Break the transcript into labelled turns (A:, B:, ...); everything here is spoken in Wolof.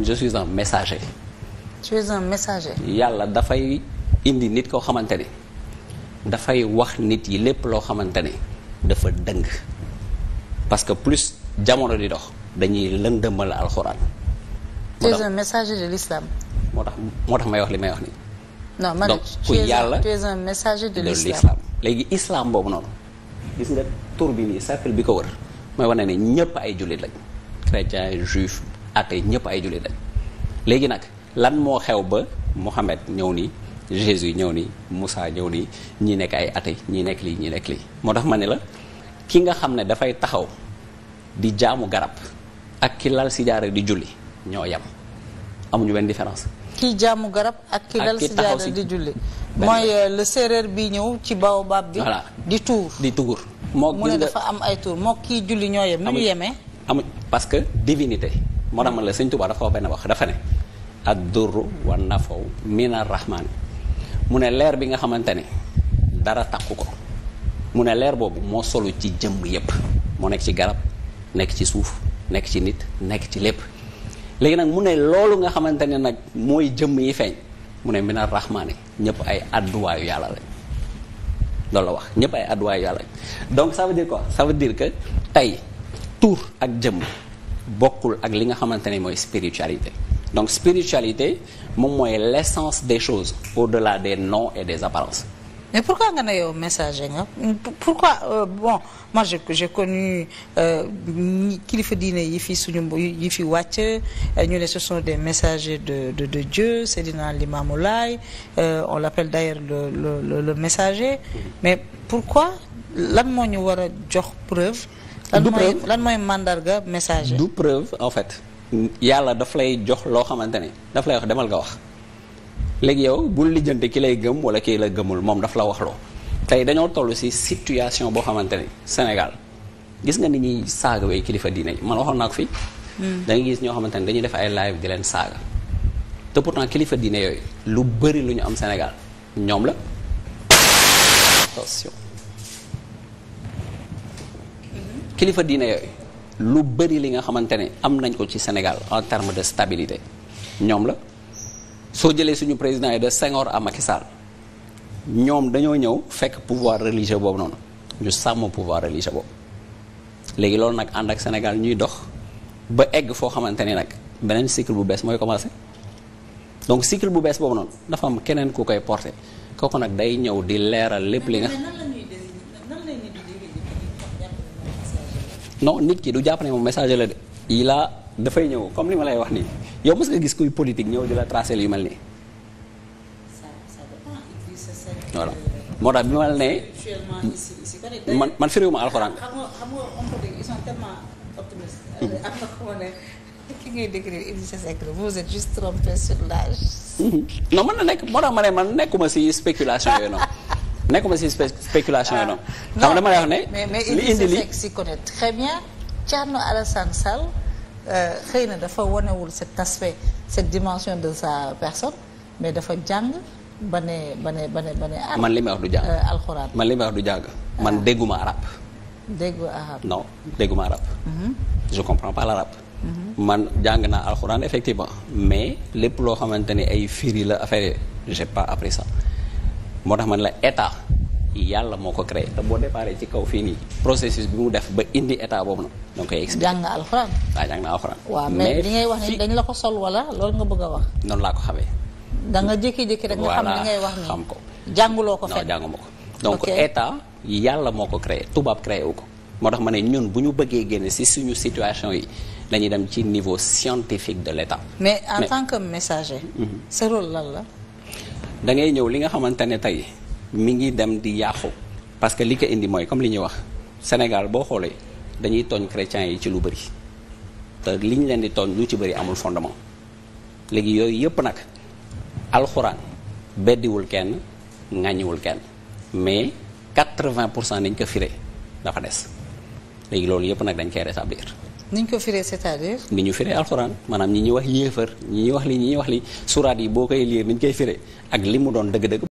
A: man je suis un messager. tu es yàlla dafay indi nit koo xamante ne dafay wax nit yi lépp loo xamante ne dafa dëng parce que plus jamono di dox dañuy lëndëmal alxuraan. tu es un messager moo tax moo tax may wax li may wax nii.
B: non man ku yàlla tu es un messager de l'islam
A: léegi islam boobu noonu gis nga tur bi nii cercle bi ko wër mooy wane ne ñëpp ay jullit lañ chrétien juif atte ñëpp ay jullit lañ léegi nag lan moo xew ba Mohamed ñëw ni Jésus ñëw ni Moussa ñëw ni ñi nekk ay atte ñi nekk lii ñi nekk lii moo tax ma ne la ki nga xam ne dafay taxaw di jaamu garab ak ki lal si jaare di julli ñoo yem amuñu benn différence
B: kii jaamu garab ak ki lal si jaare di julli mooy euh, le séeréer bi ñëw ci baobab bi voilà
A: di tuur di tugur moo mu dafa
B: am ay tuur moo kii julli ñoo yem nu ñu yemee
A: amuñ parce que divinité moo tax man la sëñ Tuubaa dafa wax benn wax dafa ne ak durru wa nafaw mina rahmaani mu ne leer bi nga xamante ne dara takku ko mu ne leer boobu moo solu ci jëmm yépp moo nekk ci garab nekk ci suuf nekk ci nit nekk ci lépp léegi nag mu ne loolu nga xamante ne nag mooy jëmm yi feeñ mu ne mina rahmaani ñëpp ay adduwaayu yàlla lañ loolu la wax ñëpp ay adduwaayu yàlla lañ donc ça veut ko quoi ça veut tey tur ak jëmm bokkul ak li nga xamante ni mooy spiritualité donc spiritualité moom mooy l'essence des choses au-delà des noms et des apparences
B: mais pourquoi nga ne yow message nga pourquoi euh, bon moi j'ai connu euh, kilifa diine yi fi suñu yi fi wàcc euh, ñu ne ce sont des messagers de de de Dieu Seydina Limamou Laye euh, on l'appelle d'ailleurs le, le le le messager mm-hmm. mais pourquoi lan moo ñu war a jox
A: preuve du preuve lan mooy mandarga message du preuve en fait yàlla daf lay jox loo xamante ne daf lay wax demal nga wax léegi yow bul lijjante ki lay gëm wala ki la gëmul moom daf la wax loo tey dañoo toll ci situation boo xamante ne Sénégal gis nga ni ñuy saaga way kilifa diine man waxoon nag fii hmm. da gis ñoo xamante ne dañuy def ay live di leen saaga te pourtant kilifa diine yooyu lu bari lu ñu am Sénégal ñoom la kilifa diine yooyu lu bëri li nga xamante ne am nañ ko ci Sénégal en terme de stabilité ñoom la soo jëlee suñu président yi de Senghor à Macky Sall ñoom dañoo ñëw fekk pouvoir religieux boobu noonu ñu sàmm pouvoir religieux boobu léegi loolu nag ànd ak Sénégal ñuy dox ba egg foo xamante ni nag beneen cycle bu bees mooy commencé donc cycle bu bees boobu noonu dafa am keneen ku koy porté kooku nag day ñëw di leeral lépp li nga non nit ki du jàpp moom message la de il a dafay ñëw comme li ma lay wax nii yow mës nga gis kuy politique ñëw di la tracer yu mel nii. voilà moo tax bi ma la man nekk moo tax ma ne man nekkuma si spéculation yooyu noonu. nekkuma si spéculation yi ah, noonu. xam dama lay wax ne. li indi li mais
B: mais s'y connaît très bien Thierno Alassane Sall euh, xëy na dafa wanewul cet aspect cette dimension de sa personne mais dafa jàng ba ne ba ne ba ne ah, li may wax du jàng euh, alxuraan man
A: li du jàng man ah. dégguma arabe. déggu arabe non dégguma arabe. Mm-hmm. je comprends pas l'arabe. Mm-hmm. man jàng naa alxuraan effectivement mais lépp loo xamante ni ay firi la affaire j'ai pas appris ça. moo tax man la état yàlla moo ko créé te boo déparé ci kaw fii nii processus bi mu def ba indi état boobu nag donc koy expliqué. jàng na alxuraan. waaw jàng na alxuraan. mais waaw mais li ngay wax
B: ni dañ la ko sol wala loolu nga bëgg a wax. noonu laa ko xamee. da nga jékki rek nga xam li ngay wax ni xam ko.
A: jànguloo ko fekk non jànguma ko. donc état yàlla moo ko créé tubaab créé wu ko. moo tax ma ne ñun bu ñu bëggee génne si suñu situation yi dañuy dem ci niveau scientifique de l' état.
B: mais en tant
A: mhm. la. da ngay ñëw li nga xamante ne tey mi ngi dem di yàqu parce que li ko indi mooy comme li ñuy wax Sénégal boo xoolee dañuy tooñ chrétiens yi ci lu bëri te li ñu leen di tooñ lu ci bëri amul fondement léegi yooyu yëpp nag alxuraan beddiwul kenn ŋàññiwul kenn mais 80 pour cent nañ ko firé dafa des léegi loolu yëpp nag dañ koy rétablir
B: niñ ko firee cest à
A: ni ñu firee alxuraan maanaam ñi ñuy wax yéefar ñi ñuy wax li ñi ñuy wax li suraat yi boo koy liir ni ñu koy firee ak li mu doon dëgg-dëgg.